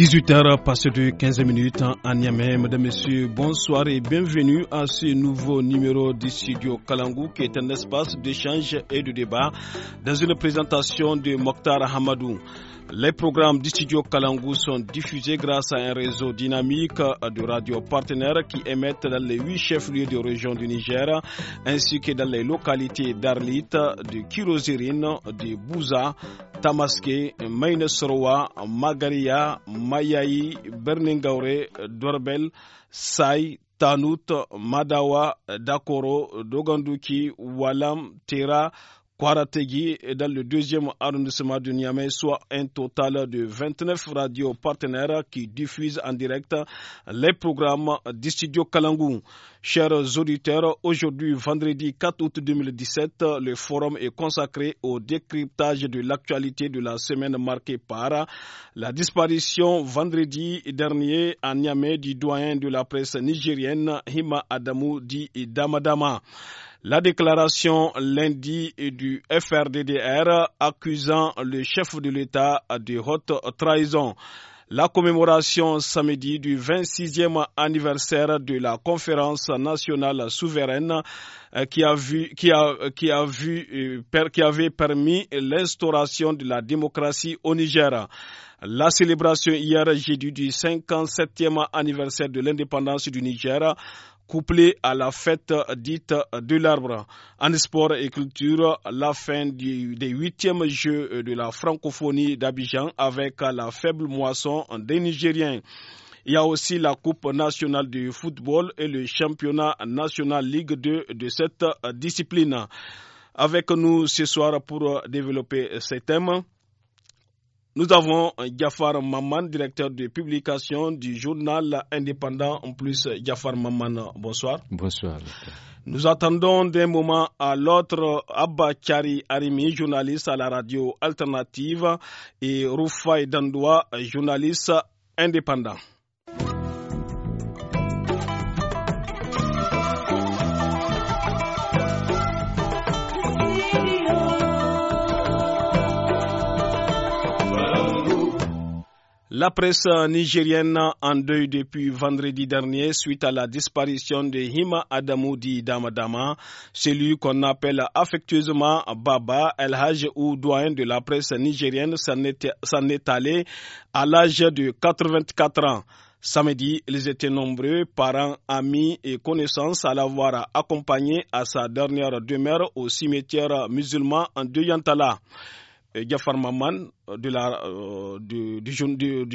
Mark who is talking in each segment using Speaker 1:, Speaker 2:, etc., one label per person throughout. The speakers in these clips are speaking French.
Speaker 1: 18h passé de 15 minutes en Niamey. Mesdames, Messieurs, bonsoir et bienvenue à ce nouveau numéro du studio Kalangou qui est un espace d'échange et de débat dans une présentation de Mokhtar Hamadou. Les programmes du studio Kalangou sont diffusés grâce à un réseau dynamique de radio partenaires qui émettent dans les huit chefs-lieux de région du Niger, ainsi que dans les localités d'Arlit, de Kirozirine, de Bouza, Tamaské, Mainesroa, Magaria, Mayaï, Berningaure, Dorbel, Sai, Tanout, Madawa, Dakoro, Doganduki, Walam, Tera, Kwarategi est dans le deuxième arrondissement de Niamey, soit un total de 29 radios partenaires qui diffusent en direct les programmes du studio Kalangou. Chers auditeurs, aujourd'hui, vendredi 4 août 2017, le forum est consacré au décryptage de l'actualité de la semaine marquée par la disparition vendredi dernier à Niamey du doyen de la presse nigérienne Hima Adamou Di Damadama. La déclaration lundi du FRDDR accusant le chef de l'État de haute trahison. La commémoration samedi du 26e anniversaire de la conférence nationale souveraine euh, qui, a vu, qui, a, qui, a vu, euh, qui avait permis l'instauration de la démocratie au Niger. La célébration hier jeudi du 57e anniversaire de l'indépendance du Niger Couplé à la fête dite de l'arbre. En sport et culture, la fin du, des huitièmes Jeux de la francophonie d'Abidjan avec la faible moisson des Nigériens. Il y a aussi la Coupe nationale du football et le championnat national Ligue 2 de cette discipline. Avec nous ce soir pour développer ces thèmes. Nous avons Jafar Maman, directeur de publication du journal indépendant en plus Jafar Maman. Bonsoir. Bonsoir. Nous attendons d'un moment à l'autre Abba Kari Arimi, journaliste à la radio alternative, et Rufai Dandoua, journaliste indépendant. La presse nigérienne en deuil depuis vendredi dernier suite à la disparition de Hima Adamoudi Damadama, celui qu'on appelle affectueusement Baba El Hajj ou doyen de la presse nigérienne s'en est, allé à l'âge de 84 ans. Samedi, ils étaient nombreux, parents, amis et connaissances à l'avoir accompagné à sa dernière demeure au cimetière musulman en Duyantala. Gafar Maman euh, euh, du,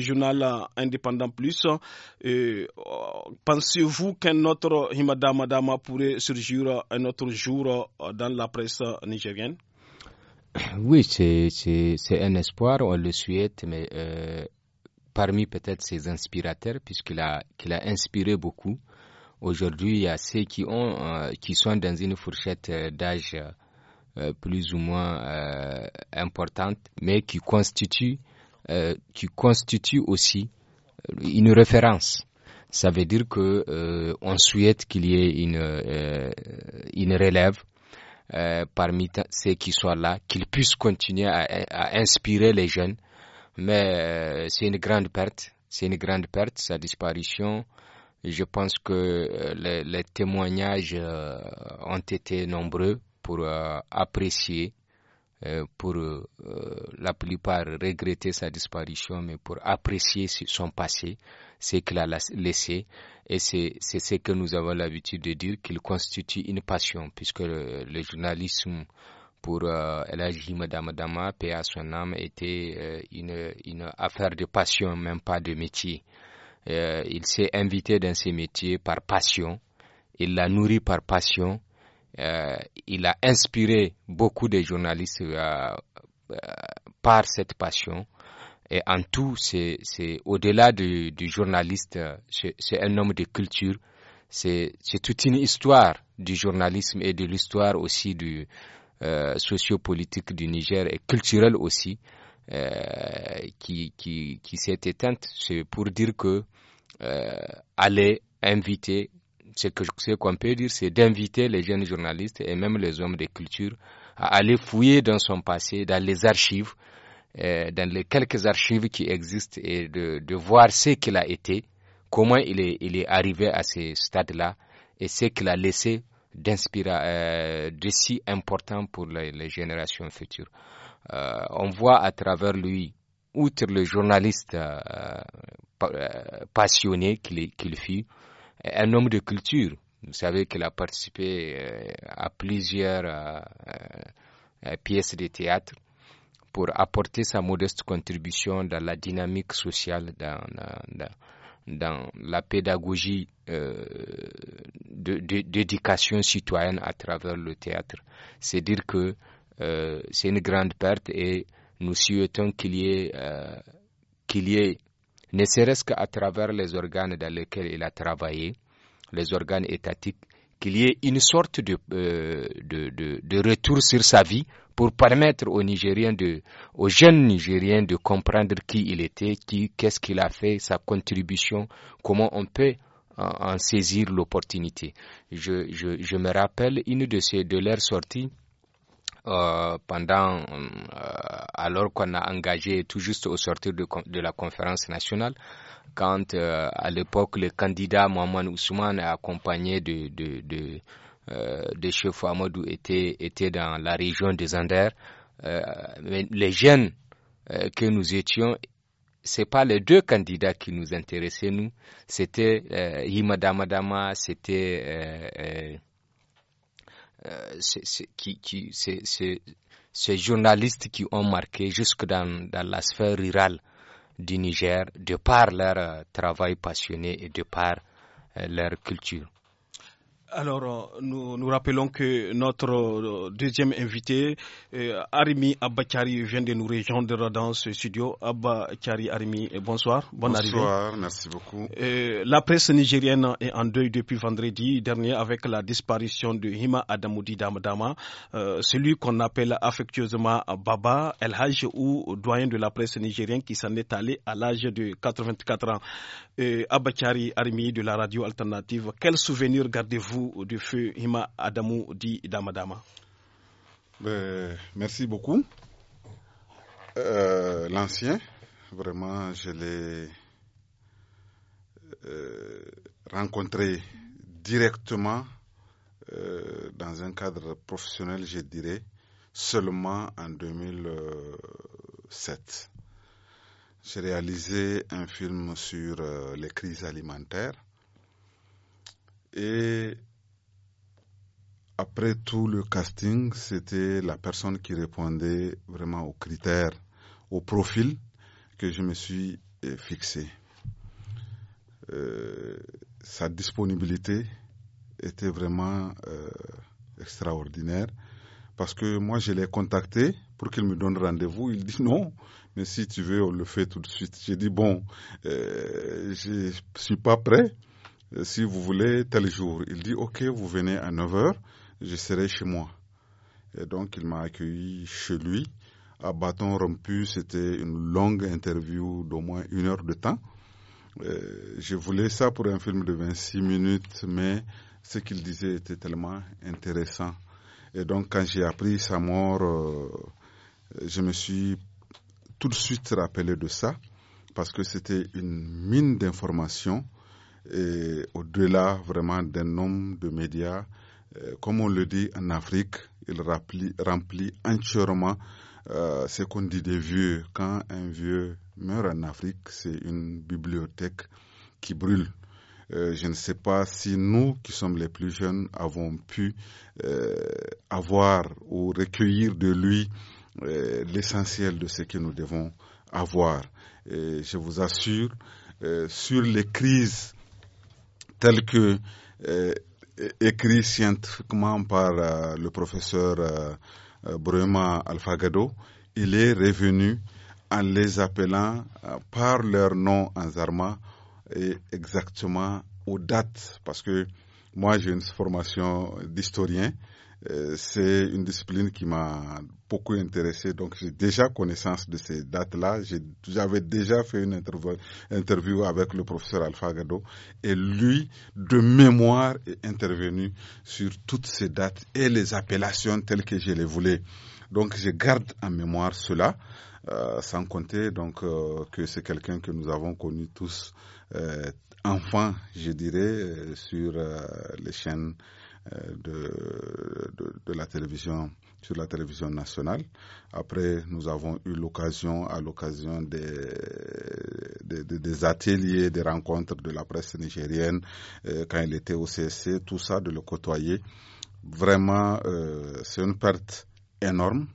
Speaker 1: journal Indépendant Plus. Euh, pensez-vous qu'un autre Himadamadama pourrait surgir un autre jour dans la presse nigérienne
Speaker 2: Oui, c'est un espoir, on le souhaite, mais parmi peut-être ses inspirateurs, puisqu'il a, a inspiré beaucoup, aujourd'hui, il y a ceux qui, ont, qui sont dans une fourchette d'âge euh, plus ou moins euh, importante, mais qui constitue euh, qui constitue aussi une référence. Ça veut dire que on souhaite qu'il y ait une, une relève parmi ceux qui sont là, qu'ils puissent continuer à, inspirer les jeunes. Mais c'est une grande perte, c'est une grande perte, sa disparition. Je pense que les, témoignages ont été nombreux pour euh, apprécier, euh, pour euh, la plupart regretter sa disparition, mais pour apprécier son passé, ce qu'il a laissé. Et c'est ce que nous avons l'habitude de dire, qu'il constitue une passion, puisque le, journalisme pour euh, madame Madame paix à son était une, une, affaire de passion, même pas de métier. Euh, il s'est invité dans ses métiers par passion, il l'a nourri par passion, euh, il a inspiré beaucoup de journalistes euh, euh, par cette passion. Et en tout, c'est au-delà du, journaliste, c'est un homme de culture. C'est toute une histoire du journalisme et de l'histoire aussi du sociopolitique du Niger et culturelle aussi qui, qui, s'est éteinte. C'est pour dire que euh, aller inviter ce qu'on peut dire, c'est d'inviter les jeunes journalistes et même les hommes de culture à aller fouiller dans son passé, dans les archives, euh, dans les quelques archives qui existent et de, de voir ce qu'il a été, comment il est, il est arrivé à ce stade-là et ce qu'il a laissé d'inspirer, euh, de si important pour les, générations futures. Euh, on voit à travers lui, outre le journaliste euh, euh, passionné qu'il qu'il fut, un homme de culture. Vous savez qu'il a participé euh, à plusieurs euh, euh, pièces de théâtre pour apporter sa modeste contribution dans la dynamique sociale, dans, dans, la pédagogie d'éducation citoyenne à travers le théâtre. C'est dire que c'est une grande perte et nous souhaitons qu'il y ait, qu'il y ait ne serait-ce qu'à travers les organes dans lesquels il a travaillé, les organes étatiques, qu'il y ait une sorte euh, de, de, retour sur sa vie pour permettre aux Nigériens de, aux jeunes Nigériens de comprendre qui il était, qui, qu'est-ce qu'il a fait, sa contribution, comment on peut en, saisir l'opportunité. Je, je, me rappelle une de, ces, de leurs sorties euh, pendant, euh, alors qu'on a engagé tout juste au sortir de, la conférence nationale, quand euh, à l'époque le candidat Mohamed Ousmane accompagné de, de, de, euh, de chef Amadou était, était dans la région des Anders. les jeunes que nous étions, c'est pas les deux candidats qui nous intéressaient, nous. C'était Hima Dama, c'était euh, ces journalistes qui ont marqué jusque dans, dans, la sphère rurale du Niger de par leur euh, travail passionné et de par euh, leur culture.
Speaker 1: Alors, euh, nous, rappelons que notre euh, deuxième invité, euh, Arimi Abakari, vient de nous rejoindre dans ce studio. Abakari Arimi, bonsoir. bonsoir, Bonsoir,
Speaker 3: merci beaucoup.
Speaker 1: la presse nigérienne est en deuil depuis vendredi dernier avec la disparition de Hima Adamoudi Damadama, celui qu'on appelle affectueusement Baba El Haj ou doyen de la presse nigérienne qui s'en est allé à l'âge de 84 ans. Abakari Arimi de la radio alternative, quels souvenirs gardez-vous du feu Hima Adamou dit Damadama.
Speaker 3: Ben, merci beaucoup. Euh, l'ancien, vraiment, je l'ai euh, rencontré directement euh, dans un cadre professionnel, je dirais, seulement en 2007. J'ai réalisé un film sur les crises alimentaires et après tout le casting, c'était la personne qui répondait vraiment aux critères, au profil que je me suis euh, fixé. Euh, sa disponibilité était vraiment euh, extraordinaire parce que moi je l'ai contacté pour qu'il me donne rendez-vous. Il dit non, mais si tu veux, on le fait tout de suite. J'ai dit bon, euh, je suis pas prêt. Si vous voulez, tel jour. Il dit ok, vous venez à 9 heures je serai chez moi. Et donc, il m'a accueilli chez lui. À bâton rompu, c'était une longue interview d'au moins une heure de temps. je voulais ça pour un film de 26 minutes, mais ce qu'il disait était tellement intéressant. Et donc, quand j'ai appris sa mort, euh, je me suis tout de suite rappelé de ça, parce que c'était une mine d'informations, et au-delà vraiment d'un nombre de médias euh, comme on le dit en Afrique, il remplit, entièrement euh, ce qu'on dit des vieux. Quand un vieux meurt en Afrique, c'est une bibliothèque qui brûle. Euh, je ne sais pas si nous, qui sommes les plus jeunes, avons pu avoir ou recueillir de lui l'essentiel de ce que nous devons avoir. je vous assure, sur les crises telles que écrit scientifiquement par euh, le professeur euh, euh Brema Alfagado, il est revenu en les appelant euh, par leur nom en Zarma et exactement aux dates, parce que moi j'ai une formation d'historien euh, c'est une discipline qui m'a beaucoup intéressé. Donc, j'ai déjà connaissance de ces dates-là. J'avais déjà fait une interview, avec le professeur Alpha Gado. Et lui, de mémoire, est intervenu sur toutes ces dates et les appellations telles que je les voulais. Donc, je garde en mémoire cela. Euh, sans compter donc euh, que c'est quelqu'un que nous avons connu tous enfants, je dirais, sur les chaînes euh, de, de, de, la télévision sur la télévision nationale. Après, nous avons eu l'occasion, à l'occasion des, des, des, ateliers, des rencontres de la presse nigérienne, euh, quand il était au CSC, tout ça, de le côtoyer. Vraiment, euh, c'est une perte énorme,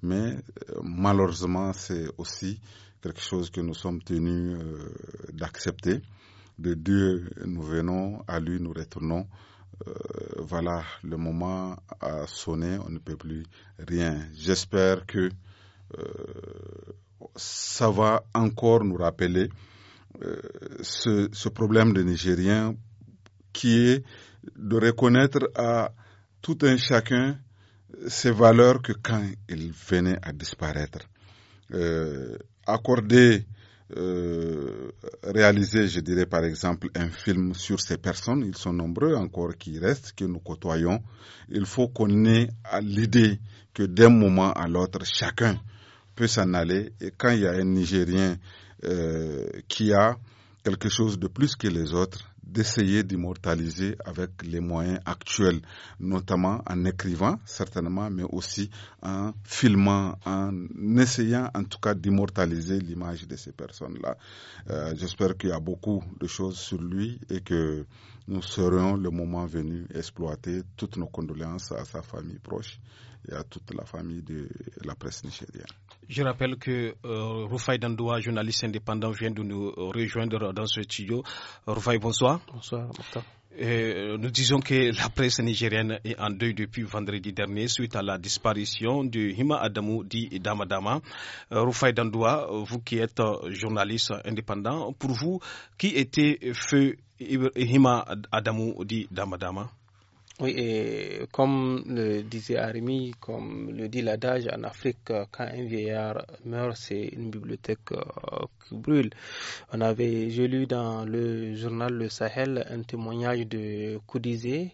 Speaker 3: mais malheureusement, c'est aussi quelque chose que nous sommes tenus d'accepter. De Dieu, nous venons, à lui, nous retournons. Euh, voilà, le moment a sonné, on ne peut plus rien. J'espère que euh, ça va encore nous rappeler euh, ce, problème des Nigériens qui est de reconnaître à tout un chacun ses valeurs que quand ils venaient à disparaître. accorder euh, réaliser, je dirais par exemple, un film sur ces personnes. Ils sont nombreux encore qui restent, que nous côtoyons. Il faut qu'on ait l'idée que d'un moment à l'autre, chacun peut s'en aller. Et quand il y a un Nigérien euh, qui a quelque chose de plus que les autres, d'essayer d'immortaliser avec les moyens actuels, notamment en écrivant certainement, mais aussi en filmant, en essayant en tout cas d'immortaliser l'image de ces personnes-là. Euh, j'espère qu'il y a beaucoup de choses sur lui et que nous serons le moment venu exploiter toutes nos condoléances à sa famille proche et à toute la famille de la presse nigérienne.
Speaker 1: Je rappelle que euh, Dandoua, journaliste indépendant, vient de nous euh, rejoindre dans ce studio. Rufai, bonsoir. Bonsoir, euh, nous disons que la presse nigérienne est en deuil depuis vendredi dernier suite à la disparition de Hima Adamu, Di Damadama. Euh, Rufai Dandoua, vous qui êtes journaliste indépendant, pour vous, qui était feu Hima Adamu, Di Damadama?
Speaker 4: Oui, et comme le disait Arimi, comme le dit l'adage, en Afrique, euh, quand un vieillard meurt, c'est une bibliothèque euh, qui brûle. On avait, j'ai lu dans le journal Le Sahel un témoignage de Koudizé,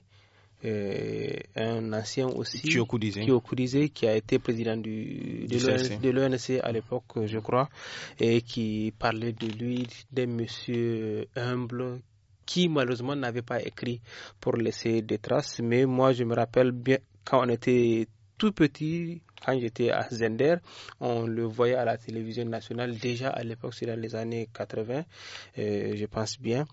Speaker 4: euh, un ancien aussi, qui a été président du, de l'ONC à l'époque, je crois, et qui parlait de lui, des messieurs humbles, qui malheureusement n'avait pas écrit pour laisser des traces. Mais moi, je me rappelle bien quand on était tout petit, quand j'étais à Zender, on le voyait à la télévision nationale déjà à l'époque, c'est dans les années 80, euh, je pense bien.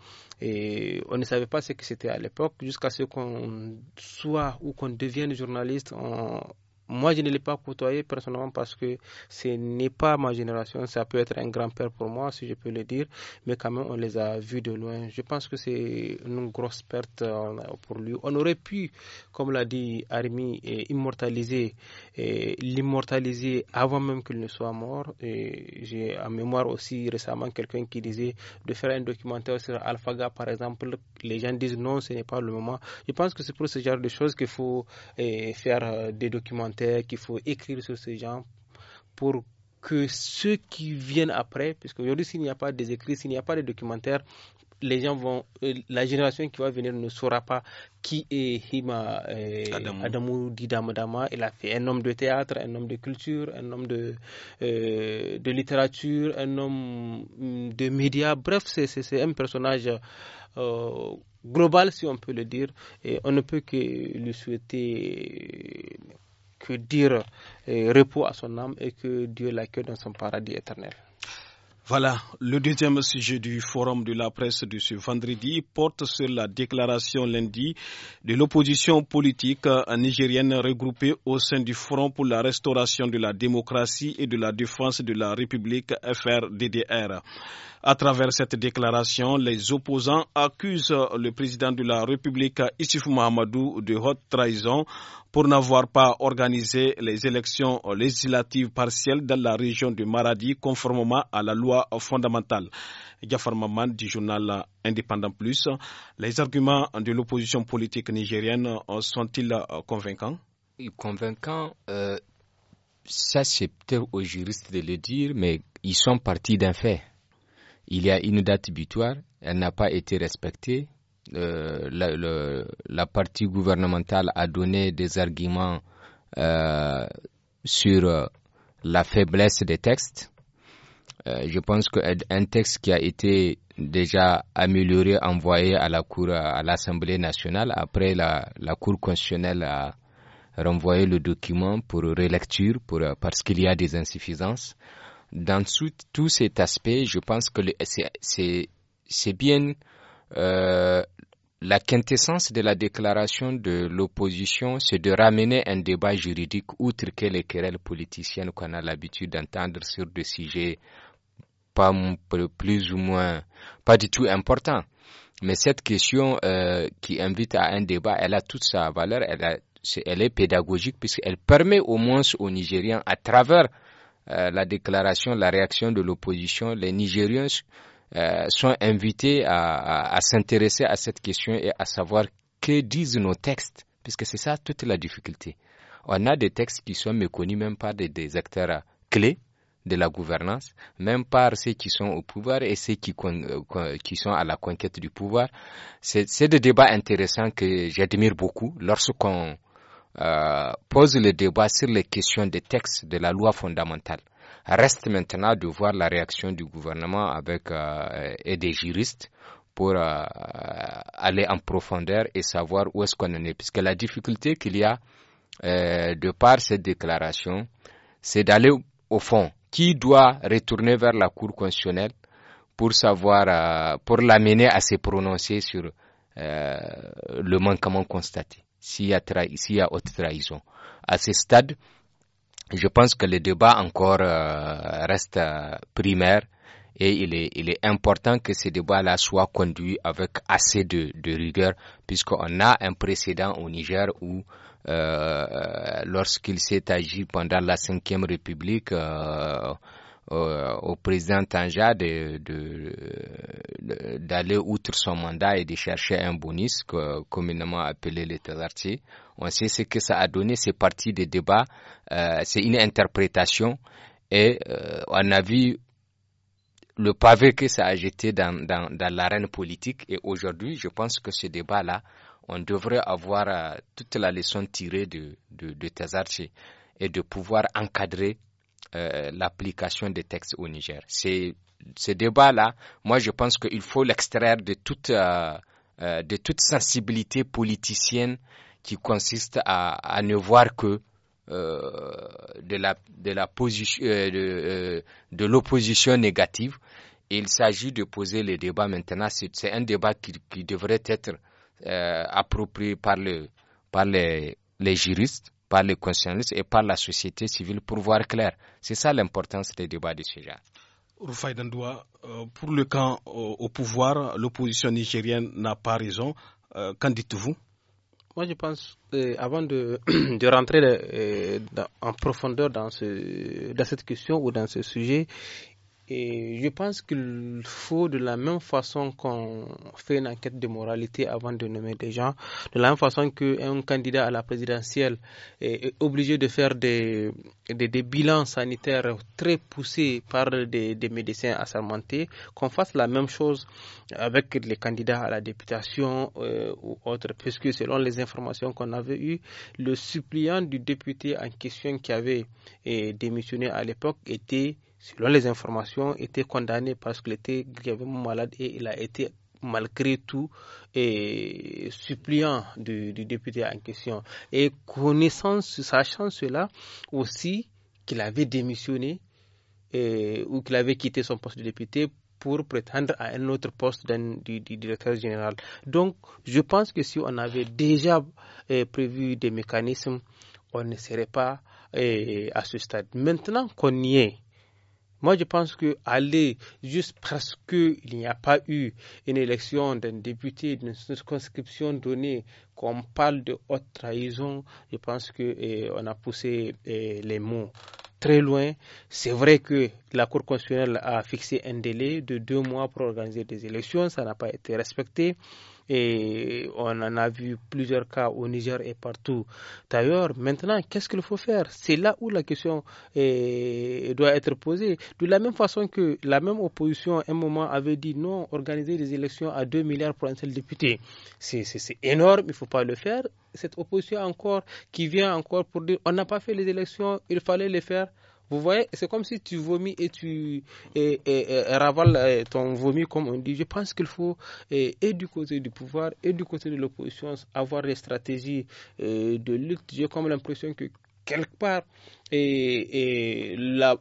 Speaker 4: Et on ne savait pas ce que c'était à l'époque, jusqu'à ce qu'on soit ou qu'on devienne journaliste. Moi, je ne l'ai pas côtoyé personnellement parce que ce n'est pas ma génération. Ça peut être un grand-père pour moi, si je peux le dire, mais quand même, on les a vus de loin. Je pense que c'est une grosse perte euh, pour lui. On aurait pu, comme l'a dit Armi, immortaliser, l'immortaliser avant même qu'il ne soit mort. J'ai en mémoire aussi récemment quelqu'un qui disait de faire un documentaire sur AlphaGa, par exemple. Les gens disent non, ce n'est pas le moment. Je pense que c'est pour ce genre de choses qu'il faut faire euh, des documentaires qu'il faut écrire sur ces gens pour que ceux qui viennent après, puisque aujourd'hui s'il n'y a pas des écrits, s'il n'y a pas de documentaires, les gens vont, euh, la génération qui va venir ne saura pas qui est Hima euh, Adamou. Didamadama. Il a fait un homme de théâtre, un homme de culture, un homme de, euh, de littérature, un homme mm, de médias. Bref, c'est un personnage global, si on peut le dire. Et on ne peut que le souhaiter que dire euh, repos à son âme et que Dieu l'accueille dans son paradis éternel.
Speaker 1: Voilà, le deuxième sujet du forum de la presse de ce vendredi porte sur la déclaration lundi de l'opposition politique nigérienne regroupée au sein du Front pour la restauration de la démocratie et de la défense de la République FRDDR. À travers cette déclaration, les opposants accusent le président de la République, Issoufou Mahamadou, de haute trahison pour n'avoir pas organisé les élections législatives partielles dans la région du Maradi conformément à la loi fondamentale. Gafar Maman du journal Indépendant Plus, les arguments de l'opposition politique nigérienne sont-ils convaincants
Speaker 2: Convaincants, euh, ça c'est peut-être aux juristes de le dire, mais ils sont partis d'un fait il y a une date butoir, elle n'a pas été respectée. Euh, la, partie gouvernementale a donné des arguments euh, sur euh, la faiblesse des textes. je pense qu'un texte qui a été déjà amélioré, envoyé à la Cour, à l'Assemblée nationale, après la, Cour constitutionnelle a renvoyé le document pour relecture, pour, parce qu'il y a des insuffisances dans tout, tout cet aspect, je pense que c'est bien euh, la quintessence de la déclaration de l'opposition, c'est de ramener un débat juridique outre que les querelles politiciennes qu'on a l'habitude d'entendre sur des sujets pas plus ou moins, pas du tout importants. Mais cette question euh, qui invite à un débat, elle a toute sa valeur, elle, a, elle est pédagogique puisqu'elle permet au moins aux Nigériens, à travers euh, la déclaration, la réaction de l'opposition, les Nigériens euh, sont invités à, à, s'intéresser à cette question et à savoir que disent nos textes, puisque c'est ça toute la difficulté. On a des textes qui sont méconnus même par des, acteurs clés de la gouvernance, même par ceux qui sont au pouvoir et ceux qui, euh, qui sont à la conquête du pouvoir. C'est des débats intéressants que j'admire beaucoup lorsqu'on euh, pose le débat sur les questions des textes de la loi fondamentale. Reste maintenant de voir la réaction du gouvernement avec euh, et des juristes pour euh, aller en profondeur et savoir où est-ce qu'on en est. Puisque la difficulté qu'il y a de par cette déclaration, c'est d'aller au fond. Qui doit retourner vers la Cour constitutionnelle pour savoir, pour l'amener à se prononcer sur le manquement constaté s'il y, a y haute trahison. À ce stade, je pense que le débat encore euh, reste euh, primaire et il est, il est, important que ce débat-là soit conduit avec assez de, de rigueur puisqu'on a un précédent au Niger où euh, euh lorsqu'il s'est agi pendant la Ve République, euh, euh, au président Tanja d'aller de, d'aller outre son mandat et de chercher un bonus, communément appelé les Tazarchi, On sait ce que ça a donné, c'est parti des débats, euh, c'est une interprétation et euh, on a vu le pavé que ça a jeté dans, dans, dans l'arène politique et aujourd'hui, je pense que ce débat-là, on devrait avoir euh, toute la leçon tirée de, de, de et de pouvoir encadrer euh, l'application des textes au Niger. c'est ce débat-là, moi je pense qu'il faut l'extraire de toute, euh, euh, de toute sensibilité politicienne qui consiste à, à ne voir que euh, de la de la position de, l'opposition négative. Et il s'agit de poser le débat maintenant. C'est un débat qui, qui devrait être approprié par le par les, les juristes par les conscientistes et par la société civile pour voir clair. C'est ça l'importance des débats du sujet.
Speaker 1: Euh, pour le camp au pouvoir, l'opposition nigérienne n'a pas raison. Euh, qu'en dites-vous
Speaker 4: Moi, je pense, euh, avant de, rentrer en profondeur dans, ce, dans cette question ou dans ce sujet, et je pense qu'il faut, de la même façon qu'on fait une enquête de moralité avant de nommer des gens, de la même façon qu'un candidat à la présidentielle est obligé de faire des, bilans sanitaires très poussés par des, des médecins assermentés, qu'on fasse la même chose avec les candidats à la députation euh, ou autres, puisque selon les informations qu'on avait eues, le suppliant du député en question qui avait euh, démissionné à l'époque était selon les informations, était condamné parce qu'il était gravement malade et il a été malgré tout et suppliant du, député en question. Et connaissant, sachant cela aussi, qu'il avait démissionné ou qu'il avait quitté son poste de député pour prétendre à un autre poste du, directeur général. Donc, je pense que si on avait déjà euh, prévu des mécanismes, on ne serait pas euh, à ce stade. Maintenant qu'on y est, moi, je pense que aller juste parce qu'il n'y a pas eu une élection d'un député d'une circonscription donnée, qu'on parle de haute trahison, je pense qu'on eh, a poussé eh, les mots très loin. C'est vrai que la Cour constitutionnelle a fixé un délai de deux mois pour organiser des élections, ça n'a pas été respecté. Et on en a vu plusieurs cas au Niger et partout. D'ailleurs, maintenant, qu'est-ce qu'il faut faire C'est là où la question doit être posée. De la même façon que la même opposition, à un moment, avait dit non, organiser des élections à 2 milliards pour un seul député. C'est énorme, il ne faut pas le faire. Cette opposition encore qui vient encore pour dire on n'a pas fait les élections, il fallait les faire. Vous voyez, c'est comme si tu vomis et tu et, et, ravales euh, ton vomi, comme on dit. Je pense qu'il faut, euh, et, du côté du pouvoir et du côté de l'opposition, avoir les stratégies euh, de lutte. J'ai comme l'impression que quelque part, la,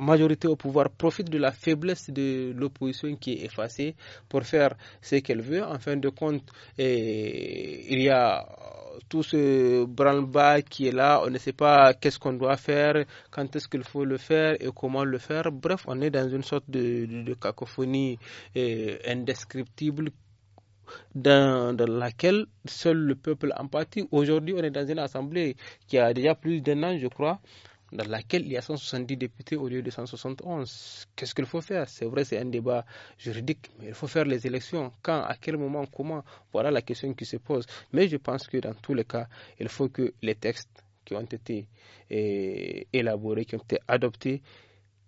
Speaker 4: majorité au pouvoir profite de la faiblesse de l'opposition qui est effacée pour faire ce qu'elle veut. En fin de compte, il y a tout ce branle-bas qui est là, on ne sait pas qu'est-ce qu'on doit faire, quand est-ce qu'il faut le faire et comment le faire. Bref, on est dans une sorte de, cacophonie eh, indescriptible dans, dans, laquelle seul le peuple en Aujourd'hui, on est dans une assemblée qui a déjà plus d'un an, je crois dans laquelle il y a 170 députés au lieu de 171. Qu'est-ce qu'il faut faire C'est vrai, c'est un débat juridique, mais il faut faire les élections. Quand, à quel moment, comment Voilà la question qui se pose. Mais je pense que dans tous les cas, il faut que les textes qui ont été eh, élaborés, qui ont été adoptés,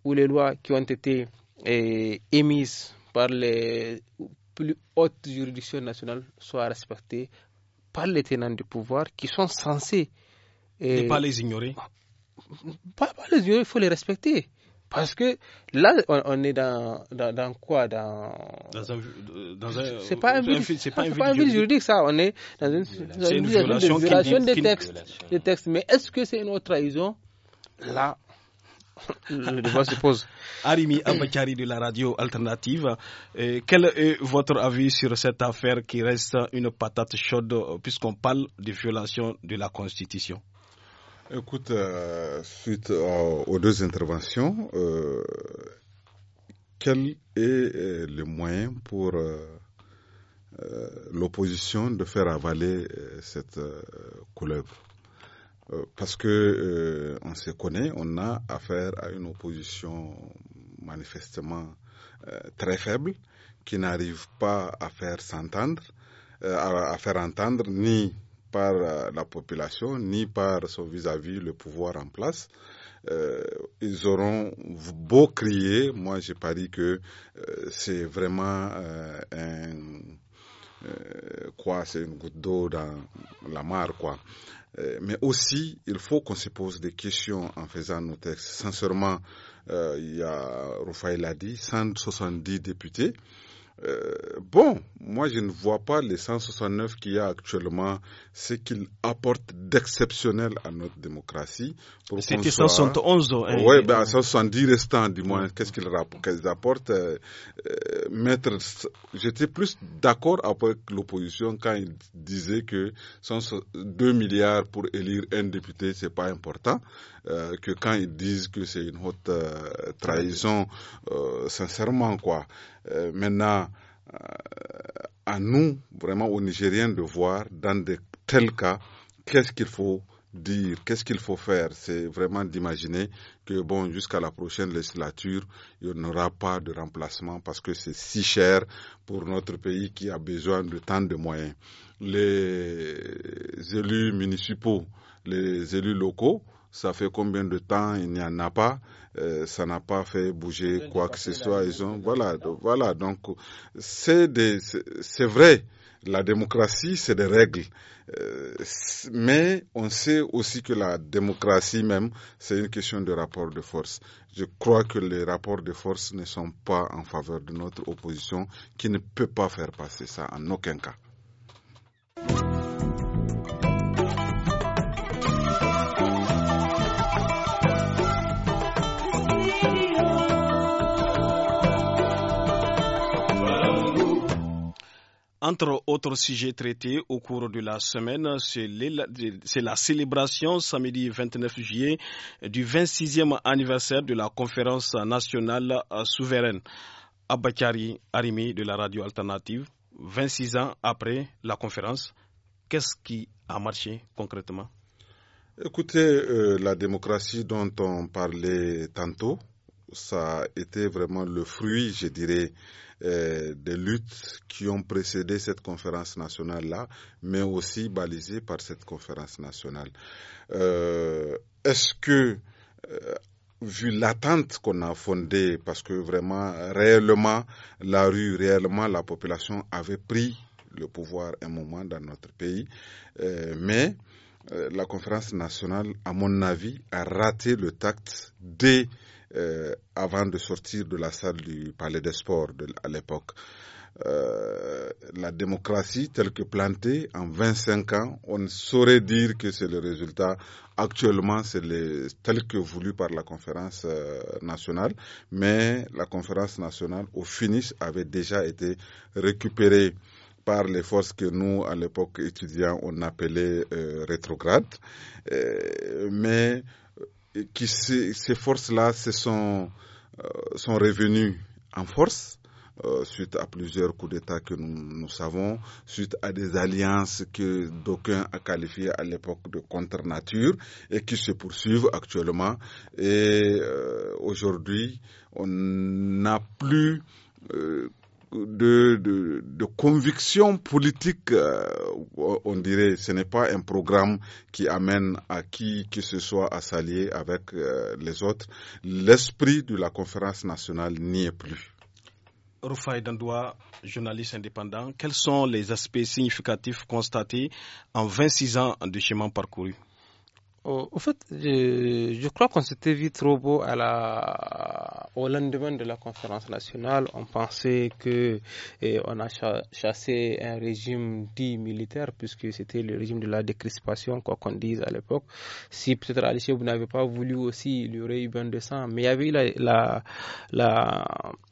Speaker 4: ou les lois qui ont été eh, émises par les plus hautes juridictions nationales soient respectées par les tenants du pouvoir qui sont censés... Eh, ne et pas les ignorer pas, les yeux, il faut les respecter. Parce que là, on, est dans, dans, quoi Dans, dans un. c'est pas un vide pas, juridique, ça. On est dans une, violation, des, textes, Mais est-ce que c'est une autre trahison Là, le débat se pose.
Speaker 1: Arimi Abakari de la radio alternative, quel est votre avis sur cette affaire qui reste une patate chaude puisqu'on parle de violation de la Constitution
Speaker 3: Écoute, euh, suite aux, deux interventions, euh, quel est euh, le moyen pour l'opposition de faire avaler cette couleuvre Parce que on se connaît, on a affaire à une opposition manifestement très faible qui n'arrive pas à faire s'entendre, à, faire entendre ni par euh, la population ni par son vis-à-vis le pouvoir en place. Euh, ils auront beau crier, moi j'ai pari que euh, c'est vraiment euh, euh, quoi, c'est une goutte d'eau dans la mare quoi. mais aussi, il faut qu'on se pose des questions en faisant nos textes. Sincèrement, il y a, Rufai l'a dit, 170 députés. Euh, bon, moi je ne vois pas les 169 qu'il y a actuellement, ce qu'ils apportent d'exceptionnel à notre démocratie. C'était 171. Hein, oui, ben, 170 restants du moins, qu'est-ce qu'ils apportent euh, euh mettre... J'étais plus d'accord avec l'opposition quand ils disaient que 2 milliards pour élire un député, c'est pas important, euh, que quand ils disent que c'est une haute trahison, sincèrement quoi. Euh, maintenant, euh, à nous, vraiment aux Nigériens, de voir dans de tels cas qu'est-ce qu'il faut dire, qu'est-ce qu'il faut faire. C'est vraiment d'imaginer que, bon, jusqu'à la prochaine législature, il n'y aura pas de remplacement parce que c'est si cher pour notre pays qui a besoin de tant de moyens. Les élus municipaux, les élus locaux, ça fait combien de temps Il n'y en a pas. Euh, ça n'a pas fait bouger quoi que ce soit. Ils ont, voilà, voilà. Donc, c'est des, c'est vrai. La démocratie, c'est des règles. Euh, mais on sait aussi que la démocratie même, c'est une question de rapport de force. Je crois que les rapports de force ne sont pas en faveur de notre opposition qui ne peut pas faire passer ça en aucun cas.
Speaker 1: Entre autres sujets traités au cours de la semaine, c'est la célébration samedi 29 juillet du 26e anniversaire de la conférence nationale euh, souveraine. Abakari Arimi de la radio alternative, 26 ans après la conférence, qu'est-ce qui a marché concrètement
Speaker 3: Écoutez, euh, la démocratie dont on parlait tantôt, ça a été vraiment le fruit, je dirais, euh, des luttes qui ont précédé cette conférence nationale-là, mais aussi balisée par cette conférence nationale. Euh, Est-ce que, euh, vu l'attente qu'on a fondée, parce que vraiment, réellement, la rue, réellement, la population avait pris le pouvoir un moment dans notre pays, euh, mais la conférence nationale, à mon avis, a raté le tact dès euh, avant de sortir de la salle du palais des sports de, à l'époque. Euh, la démocratie telle que plantée en 25 ans, on ne saurait dire que c'est le résultat. Actuellement, c'est tel que voulu par la conférence euh, nationale, mais la conférence nationale, au finish, avait déjà été récupérée par les forces que nous, à l'époque étudiants, on appelait euh, rétrogrades. Euh, mais qui ces forces-là se sont, euh, sont revenues en force. Euh, suite à plusieurs coups d'État que nous, nous, savons, suite à des alliances que d'aucuns a qualifiées à l'époque de contre-nature et qui se poursuivent actuellement. Et euh, aujourd'hui, on n'a plus euh, de, conviction politique, euh, on dirait. Ce n'est pas un programme qui amène à qui que ce soit à s'allier avec euh, les autres. L'esprit de la conférence nationale n'y est plus.
Speaker 1: Rufai Dandoua, journaliste indépendant, quels sont les aspects significatifs constatés en 26 ans de chemin parcouru
Speaker 4: au, fait, je, crois qu'on s'était vu trop beau à la, au lendemain de la conférence nationale. On pensait que eh, on a chassé un régime dit militaire, puisque c'était le régime de la décrispation, quoi qu'on dise à l'époque. Si peut-être vous n'avez pas voulu aussi, il y aurait eu bien de sang. Mais il y avait la, la,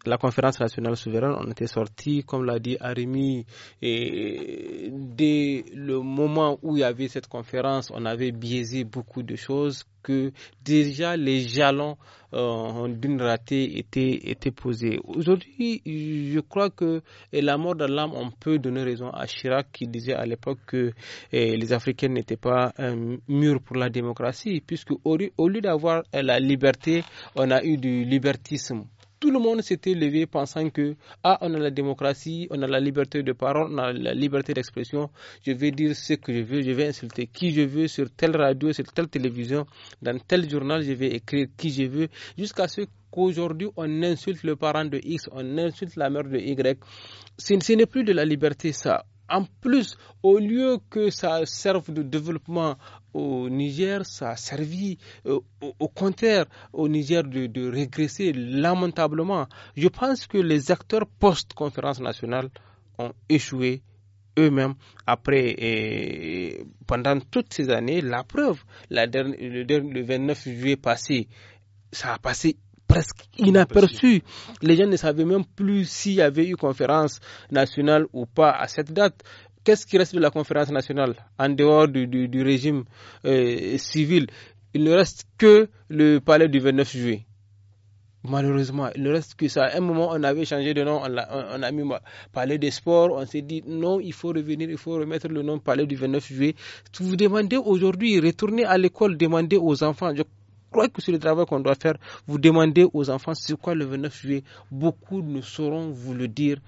Speaker 4: la, conférence nationale souveraine. On était sorti, comme l'a dit Arimi, et dès le moment où il y avait cette conférence, on avait biaisé beaucoup beaucoup de choses que déjà les jalons euh, d'une ratée étaient, posés. Aujourd'hui, je crois que la mort de l'âme, on peut donner raison à Chirac qui disait à l'époque que eh, les Africains n'étaient pas un mur pour la démocratie, puisque au lieu d'avoir eh, la liberté, on a eu du libertisme tout le monde s'était levé pensant que ah on a la démocratie, on a la liberté de parole, on a la liberté d'expression. Je vais dire ce que je veux, je vais insulter qui je veux sur telle radio, sur telle télévision, dans tel journal, je vais écrire qui je veux jusqu'à ce qu'aujourd'hui on insulte le parent de X, on insulte la mère de Y. Ce n'est plus de la liberté ça en plus, au lieu que ça serve de développement au Niger, ça a servi euh, au, contraire au Niger de, régresser lamentablement. Je pense que les acteurs post-conférence nationale ont échoué eux-mêmes après et euh, pendant toutes ces années. La preuve, la le 29 juillet passé, ça a passé presque inaperçu. Les gens ne savaient même plus s'il y avait eu conférence nationale ou pas à cette date. Qu'est-ce qui reste de la conférence nationale en dehors du, régime euh, civil Il ne reste que le palais du 29 juillet. Malheureusement, il ne reste que ça. À un moment, on avait changé de nom, on a, on mis bah, Palais des Sports, on s'est dit non, il faut revenir, il faut remettre le nom Palais du 29 juillet. vous demandez aujourd'hui, retournez à l'école, demandez aux enfants. Je crois que c'est le travail qu'on doit faire. Vous demandez aux enfants c'est quoi le 29 juillet. Beaucoup ne sauront vous le dire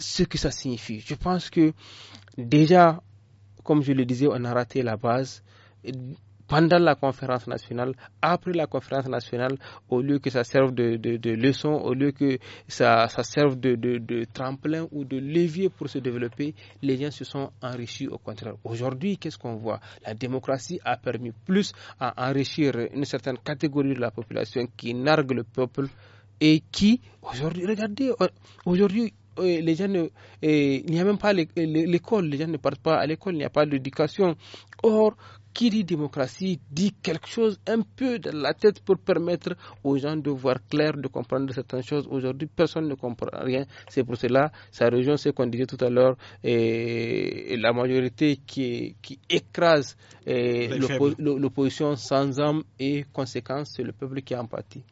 Speaker 4: ce que ça signifie. Je pense que déjà, comme je le disais, on a raté la base. Pendant la conférence nationale, après la conférence nationale, au lieu que ça serve de, de, leçon, au lieu que ça, ça serve de, de, tremplin ou de levier pour se développer, les gens se sont enrichis au contraire. Aujourd'hui, qu'est-ce qu'on voit La démocratie a permis plus à enrichir une certaine catégorie de la population qui nargue le peuple et qui, aujourd'hui, regardez, aujourd'hui, euh, les gens ne, euh, n'y a même pas l'école, les gens ne partent pas à l'école, il n'y a pas d'éducation. Or, qui dit démocratie dit quelque chose un peu dans la tête pour permettre aux gens de voir clair, de comprendre certaines choses. Aujourd'hui, personne ne comprend rien. C'est pour cela, sa région, ce qu'on disait tout à l'heure, la majorité qui, écrase euh, l'opposition sans âme et conséquence, c'est le peuple qui en empathie.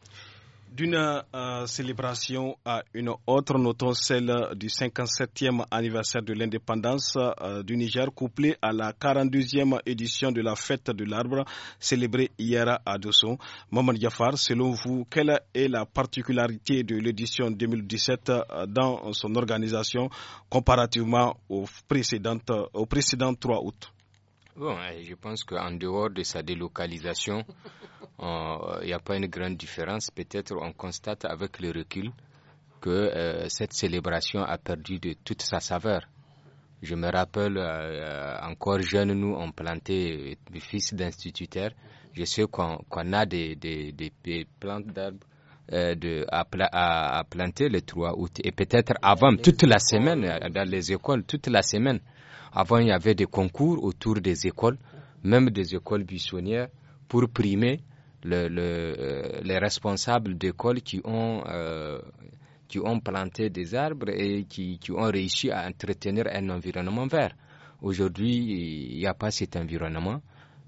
Speaker 4: D'une euh, célébration à
Speaker 1: une autre, notons celle du 57e anniversaire de l'indépendance euh, du Niger, couplée à la 42e édition de la fête de l'arbre célébrée hier à Dosso. Maman Jafar, selon vous, quelle est la particularité de l'édition 2017 euh, dans son organisation comparativement au précédentes, 3 août
Speaker 2: Bon, eh, je pense qu'en dehors de sa délocalisation, euh, il n'y a pas une grande différence. Peut-être on constate avec le recul que euh, cette célébration a perdu de toute sa saveur. Je me rappelle, euh, encore jeune, nous, planté des fils d'instituteurs. Je sais qu'on a des, plantes d'arbres de, à, à, planter le 3 août. Et peut-être avant, toute la semaine, dans les écoles, toute la semaine. Avant, il y avait des concours autour des écoles, même des écoles buissonnières, pour primer le, euh, les responsables d'écoles qui ont euh, qui ont planté des arbres et qui, qui, ont réussi à entretenir un environnement vert. Aujourd'hui, il n'y a pas cet environnement.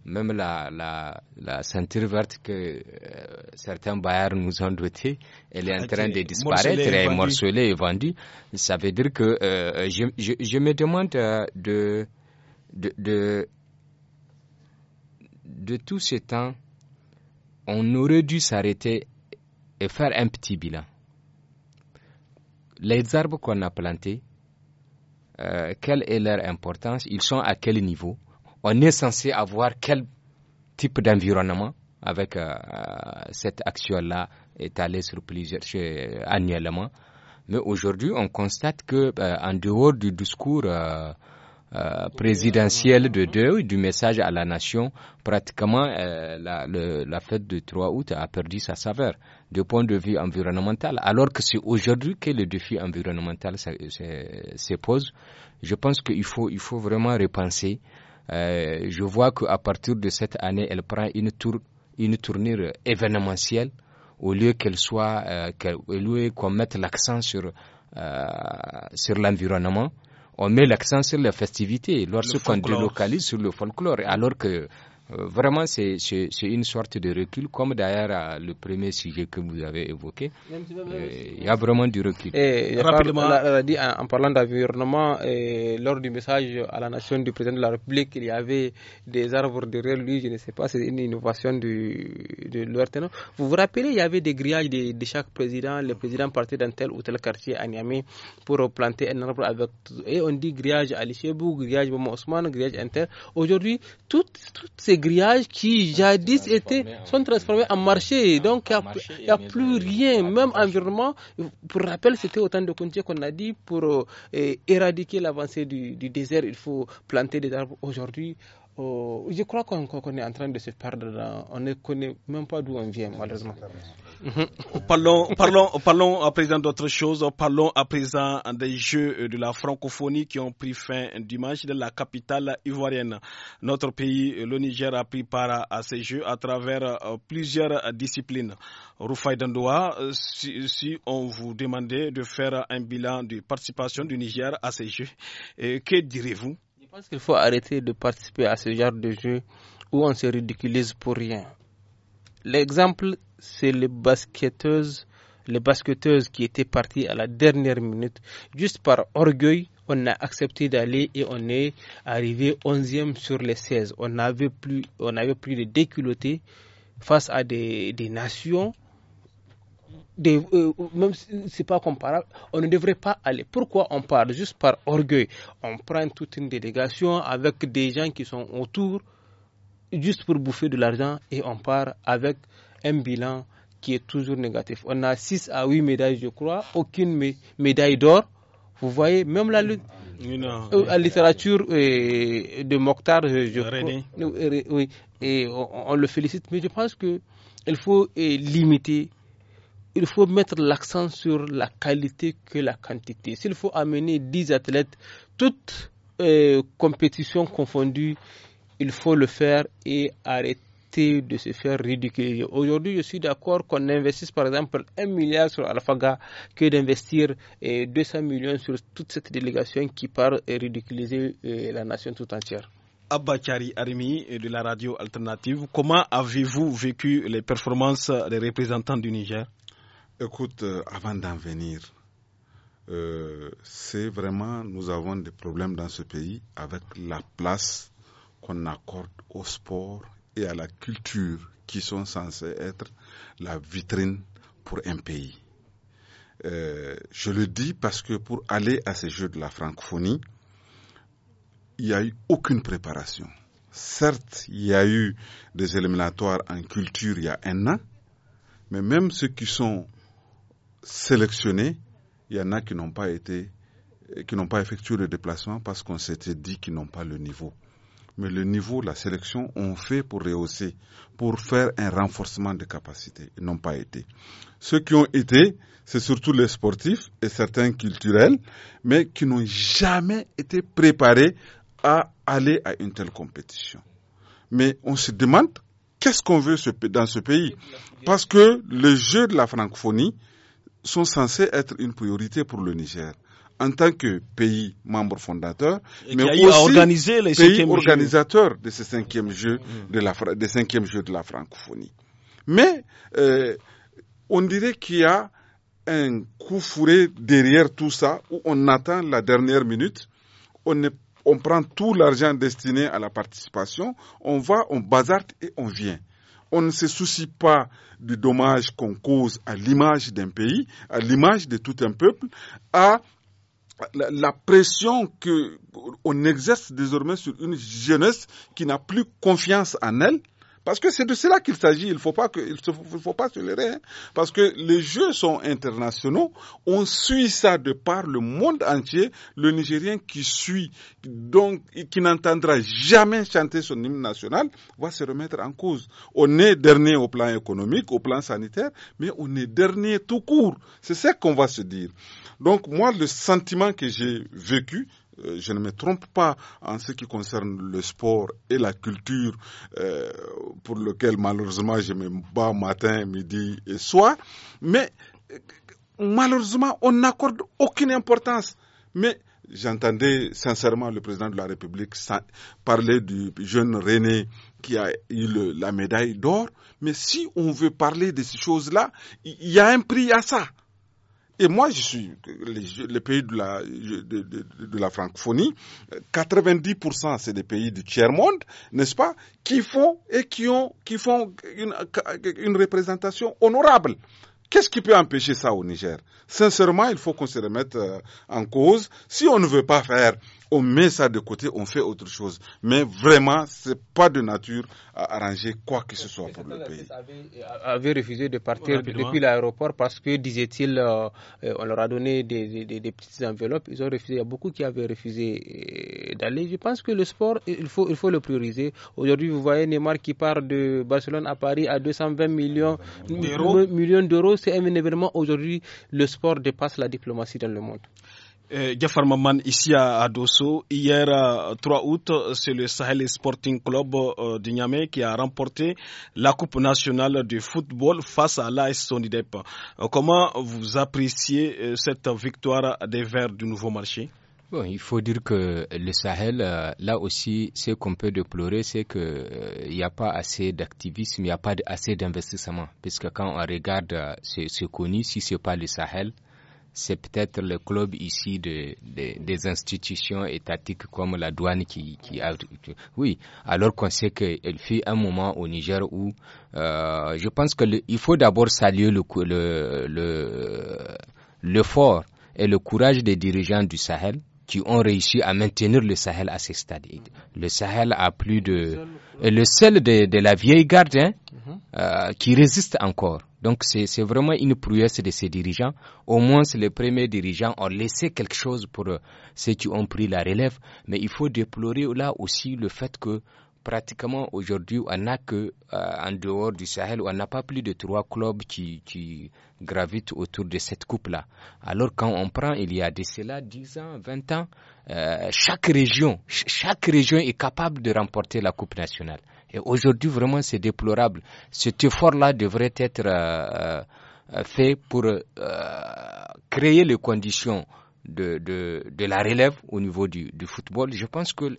Speaker 2: Même la, la, la ceinture verte que euh, certains bailleurs nous ont dotés, elle est en train de disparaître, elle est morcelée et vendue. Ça veut dire que euh, je, me demande euh, de, de, tout ce temps, on aurait dû s'arrêter et faire un petit bilan. Les arbres qu'on a plantés, euh, quelle est leur importance Ils sont à quel niveau On est censé avoir quel type d'environnement avec euh, euh, cette action-là étalée sur plusieurs annuellement. Mais aujourd'hui, on constate que euh, en dehors du discours présidentiel de deux du message à la nation, pratiquement la, la, fête du 3 août a perdu sa saveur du point de vue environnemental. Alors que c'est aujourd'hui que le défi environnemental se pose. Je pense qu'il faut, il faut vraiment repenser je vois qu'à partir de cette année, elle prend une tour une tournure événementielle au lieu qu'elle soit, euh, qu'on mette l'accent sur, euh, sur l'environnement. On met l'accent sur les festivités lorsqu'on délocalise sur le folklore, alors que euh, vraiment, c'est une sorte de recul, comme d'ailleurs euh, le premier sujet que vous avez évoqué. Euh, il y a vraiment du recul. en,
Speaker 4: parlant d'environnement, lors du message à la nation du président de la République, il y avait des arbres derrière lui, je ne sais pas, c'est une innovation du, de l'ORTN. Vous vous rappelez, il y avait des grillages de, chaque président. Le président partait dans tel ou tel quartier à Niamey pour planter un arbre avec. Et on dit grillage à Lichébou, grillage à Ousmane, grillage Inter. Aujourd'hui, toutes, toutes ces grillages qui jadis étaient, sont transformés en marché. Donc il n'y a, plus rien, même environnement. Pour rappel, c'était autant de contiers qu'on a dit pour euh, éradiquer l'avancée du, désert, il faut planter des arbres. Aujourd'hui, euh, je crois qu'on est en train de se perdre. on ne connaît même pas d'où on vient, malheureusement.
Speaker 1: Mm-hmm. Parlons, à présent d'autres choses. Parlons à présent des Jeux de la francophonie qui ont pris fin dimanche dans la capitale ivoirienne. Notre pays, le Niger, a pris part à ces Jeux à travers euh, plusieurs disciplines. Rufai Dandoa euh, si, si, on vous demandait de faire un bilan de participation du Niger à ces Jeux, euh, que direz-vous Je pense qu'il faut
Speaker 4: arrêter de participer à ce genre de Jeux où on se ridiculise pour rien. L'exemple c'est les basketteuses, les basketteuses qui étaient parties à la dernière minute. Juste par orgueil, on a accepté d'aller et on est arrivé 11e sur les 16. On n'avait plus, on avait plus de déculottés face à des, des nations. Euh, même si c'est pas comparable, on ne devrait pas aller. Pourquoi on part Juste par orgueil. On prend toute une délégation avec des gens qui sont autour, juste pour bouffer de l'argent, et on part avec un bilan qui est toujours négatif. On a 6 à 8 médailles, je crois, aucune médaille d'or. Vous voyez, même la, lutte euh, la littérature euh, de Mokhtar, euh, je Crois, euh, oui, et on, le félicite, mais je pense qu'il faut limiter, il faut mettre l'accent sur la qualité que la quantité. S'il faut amener 10 athlètes, toutes compétitions confondues, il faut le faire et arrêter de se faire ridiculiser. Aujourd'hui, je suis d'accord qu'on investisse par exemple un milliard sur AlphaGa que d'investir 200 eh, millions sur toute cette délégation qui part et ridiculiser eh, la nation tout entière. Abakari Arimi de la radio alternative, comment avez-vous vécu
Speaker 3: les performances des représentants du Niger Écoute, euh, avant d'en venir, euh, c'est vraiment, nous avons des problèmes dans ce pays avec la place qu'on accorde au sport et à la culture qui sont censés être la vitrine pour un pays. Euh, je le dis parce que pour aller à ces Jeux de la francophonie, il n'y a eu aucune préparation. Certes, il y a eu des éliminatoires en culture il y a un an, mais même ceux qui sont sélectionnés, il y en a qui n'ont pas été, qui n'ont pas effectué le déplacement parce qu'on s'était dit qu'ils n'ont pas le niveau mais le niveau, la sélection, ont fait pour rehausser, pour faire un renforcement de capacités. Ils n'ont pas été. Ceux qui ont été, c'est surtout les sportifs et certains culturels, mais qui n'ont jamais été préparés à aller à une telle compétition. Mais on se demande qu'est-ce qu'on veut dans ce pays, parce que les Jeux de la francophonie sont censés être une priorité pour le Niger en tant que pays membre fondateur,
Speaker 1: mais aussi organisé
Speaker 3: les pays organisateur de ce cinquième jeu de la des cinquièmes jeux de la francophonie. Mais euh, on dirait qu'il y a un coup fourré derrière tout ça où on attend la dernière minute, on, on prend tout l'argent destiné à la participation, on va, on bazarte et on vient on ne se soucie pas du dommage qu'on cause à l'image d'un pays, à l'image de tout un peuple, à la, pression que on exerce désormais sur une jeunesse qui n'a plus confiance en elle, parce que c'est de cela qu'il s'agit. Il ne faut pas que, il faut, pas se leurrer, hein. parce que les jeux sont internationaux. On suit ça de par le monde entier. Le Nigérien qui suit, donc qui n'entendra jamais chanter son hymne national, va se remettre en cause. On est dernier au plan économique, au plan sanitaire, mais on est dernier tout court. C'est ça qu'on va se dire. Donc moi, le sentiment que j'ai vécu, euh, je ne me trompe pas en ce qui concerne le sport et la culture euh, pour lequel malheureusement je me bats matin, midi et soir, mais euh, malheureusement on n'accorde aucune importance. Mais j'entendais sincèrement le président de la République parler du jeune René qui a eu la médaille d'or, mais si on veut parler de ces choses-là, il y a un prix à ça. Et moi, je suis les, pays de la, de, francophonie, 90% c'est des pays du tiers-monde, n'est-ce pas, qui font et qui ont, qui font une, une représentation honorable. Qu'est-ce qui peut empêcher ça au Niger Sincèrement, il faut qu'on se remette euh, en cause. Si on ne veut pas faire on met ça de côté, on fait autre chose. Mais vraiment, ce n'est pas de nature à arranger quoi que ce soit pour le pays.
Speaker 4: Avait, refusé de partir depuis l'aéroport parce que, disait-il, euh, on leur a donné des, petites enveloppes. Ils ont refusé. Il y a beaucoup qui avaient refusé euh, d'aller. Je pense que le sport, il faut, le prioriser. Aujourd'hui, vous voyez Neymar qui part de Barcelone à Paris à 220 millions Millions d'euros, c'est un événement. Aujourd'hui, le sport dépasse la diplomatie dans le monde. Jeff eh, Gafar ici à, Dosso, hier 3 euh, août,
Speaker 1: c'est le Sahel Sporting Club euh, de Niamey qui a remporté la Coupe nationale de football face à l'AS Sonidep. Euh, comment vous appréciez cette victoire des Verts du Nouveau Marché
Speaker 2: il faut dire que le Sahel, là aussi, ce qu'on peut déplorer, c'est qu'il n'y a pas assez d'activisme, il n'y a pas assez d'investissement. puisque quand on regarde ce, ce connu, si ce n'est pas le Sahel, c'est peut-être le club ici de, des institutions étatiques comme la douane qui, qui a... Oui, alors qu'on sait qu'il fut un moment au Niger où euh, je pense qu'il faut d'abord saluer le, le, le, fort et le courage des dirigeants du Sahel qui ont réussi à maintenir le Sahel à ses stades. Le Sahel a plus de... Le seul de, de la vieille garde hein, mm-hmm. euh, qui résiste encore. Donc c'est vraiment une prouesse de ces dirigeants. Au moins, les premiers dirigeants ont laissé quelque chose pour euh, ceux qui ont pris la relève. Mais il faut déplorer là aussi le fait que pratiquement aujourd'hui, on n'a que euh, en dehors du Sahel, on n'a pas plus de trois clubs qui, qui gravitent autour de cette coupe-là. Alors quand on prend, il y a de cela 10 ans, 20 ans, euh, chaque région, chaque région est capable de remporter la coupe nationale. Et aujourd'hui, vraiment, c'est déplorable. Cet effort-là devrait être euh, fait pour créer les conditions de, de, de, la relève au niveau du, du football. Je pense que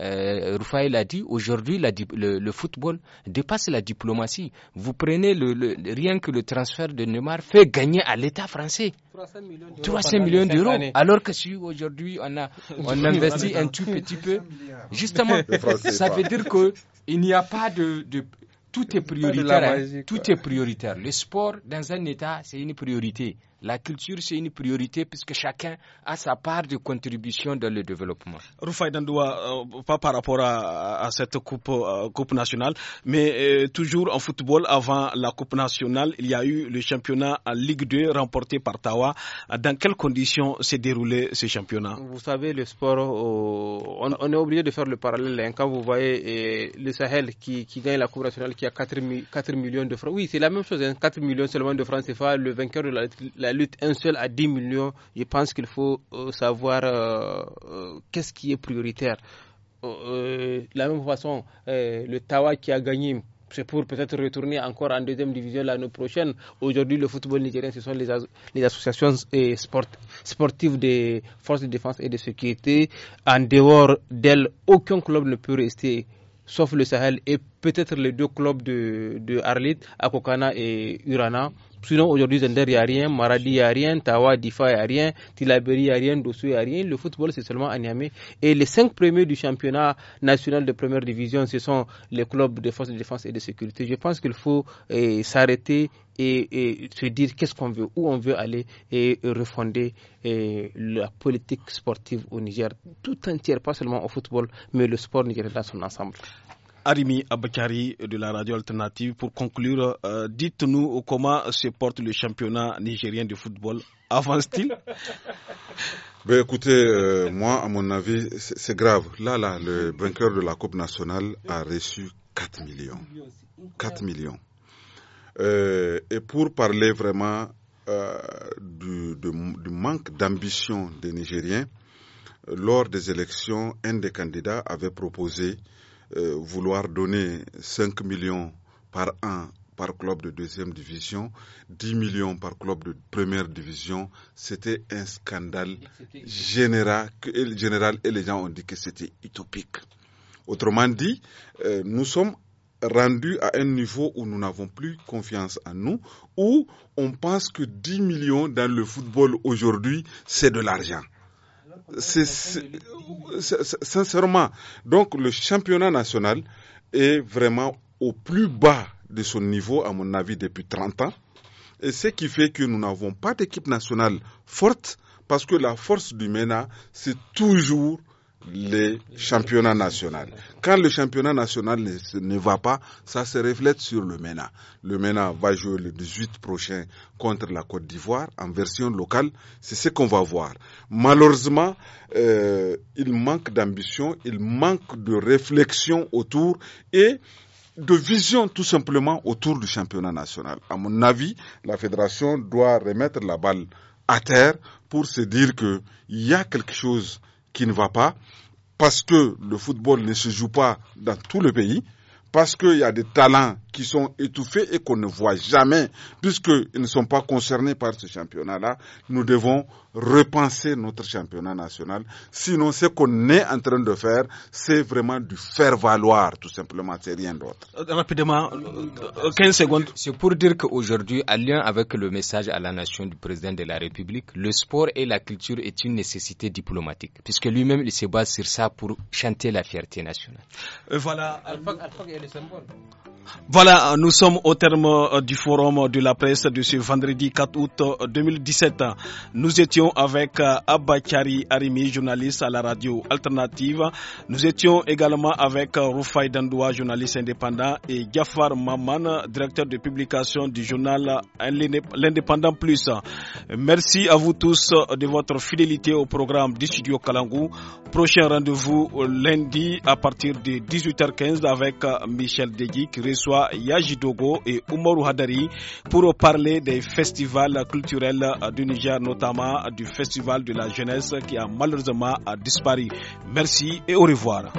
Speaker 2: euh, a l'a dit, aujourd'hui le, football dépasse la diplomatie. Vous prenez le, rien que le transfert de Neymar fait gagner à l'État français 300 millions d'euros. Alors que si aujourd'hui on, a, on investit un tout petit peu, justement, ça veut dire qu'il n'y a pas de, de tout est prioritaire. Hein. tout est prioritaire. Le sport, dans un État, c'est une priorité. La culture, c'est une priorité puisque chacun a sa part de contribution dans le développement.
Speaker 1: Rufai Dandoua, euh, pas par rapport à, à cette coupe, euh, coupe, nationale, mais euh, toujours en football, avant la Coupe nationale, il y a eu le championnat en Ligue 2 remporté par Tawa. Dans quelles conditions s'est déroulé ce championnat
Speaker 4: Vous savez, le sport, on, on, est obligé de faire le parallèle. Hein. quand vous voyez le Sahel qui, qui, gagne la Coupe nationale, qui a 4, millions de francs. Oui, c'est la même chose, 4 hein. millions seulement de francs pas le vainqueur de la la lutte, un seul à 10 millions, je pense qu'il faut euh, savoir euh, euh, qu'est-ce qui est prioritaire. de la même façon, le Tawa qui a gagné c'est pour peut-être retourner encore en deuxième division l'année prochaine. Aujourd'hui, le football nigérien, ce sont les, associations et sportives des forces de défense et de sécurité. En dehors d'elles, aucun club ne peut rester, sauf le Sahel et peut-être les deux clubs de, de Arlit, Akokana et Urana. Sinon, aujourd'hui, Zender, n'y a rien, Maradi, n'y a rien, Tawa, Difa, n'y a rien, Tilaberi, n'y a rien, Dosso, n'y a rien. Le football, c'est seulement à Et les cinq premiers du championnat national de première division, ce sont les clubs de forces de défense et de sécurité. Je pense qu'il faut eh, s'arrêter et, se dire qu'est-ce qu'on veut, où on veut aller et, refonder eh, la politique sportive au Niger tout entière, pas seulement au football, mais le sport nigérien dans son ensemble. Arimi Abakari de la radio alternative. Pour
Speaker 1: conclure, euh, dites-nous comment se porte le championnat nigérien de football. Avance-t-il
Speaker 3: ben, Écoutez, euh, moi, à mon avis, c'est grave. Là, là, le vainqueur de la Coupe nationale a reçu 4 millions. 4 millions. Euh, et pour parler vraiment du, manque d'ambition des Nigériens, lors des élections, un des candidats avait proposé euh, vouloir donner 5 millions par an par club de deuxième division, 10 millions par club de première division, c'était un scandale général, et les gens ont dit que c'était utopique. Autrement dit, euh, nous sommes rendus à un niveau où nous n'avons plus confiance en nous, où on pense que 10 millions dans le football aujourd'hui, c'est de l'argent c'est, sincèrement, donc le championnat national est vraiment au plus bas de son niveau, à mon avis, depuis 30 ans. Et ce qui fait que nous n'avons pas d'équipe nationale forte, parce que la force du MENA, c'est toujours les championnats nationaux. Quand le championnat national ne, va pas, ça se reflète sur le MENA. Le MENA va jouer le 18 prochain contre la Côte d'Ivoire en version locale. C'est ce qu'on va voir. Malheureusement, euh, il manque d'ambition, il manque de réflexion autour et de vision tout simplement autour du championnat national. À mon avis, la fédération doit remettre la balle à terre pour se dire qu'il y a quelque chose qui ne va pas, parce que le football ne se joue pas dans tout le pays, parce qu'il y a des talents qui sont étouffés et qu'on ne voit jamais, puisqu'ils ne sont pas concernés par ce championnat-là, nous devons repenser notre championnat national. Sinon, ce qu'on est en train de faire, c'est vraiment du faire valoir, tout simplement, c'est rien d'autre.
Speaker 2: Euh, rapidement, 15 euh, euh, secondes. C'est pour dire qu'aujourd'hui, en lien avec le message à la nation du président de la République, le sport et la culture est une nécessité diplomatique, puisque lui-même, il se base sur ça pour chanter la fierté nationale.
Speaker 4: voilà. le symbole.
Speaker 2: Voilà, nous sommes
Speaker 1: au terme euh, du forum euh, de la presse de ce vendredi 4 août 2017. Euh, nous étions avec Abakari Arimi, journaliste à la radio alternative. Nous étions également avec Rufai Dandoua, journaliste indépendant, et Jafar Maman, directeur de publication du journal L'Indépendant Plus. Merci à vous tous de votre fidélité au programme du studio Kalangou. Prochain rendez-vous lundi à partir de 18h15 avec Michel Degui, soit Yaji et Umoru Hadari pour parler des festivals culturels du Niger, notamment du festival de la jeunesse qui a malheureusement disparu. Merci et au revoir.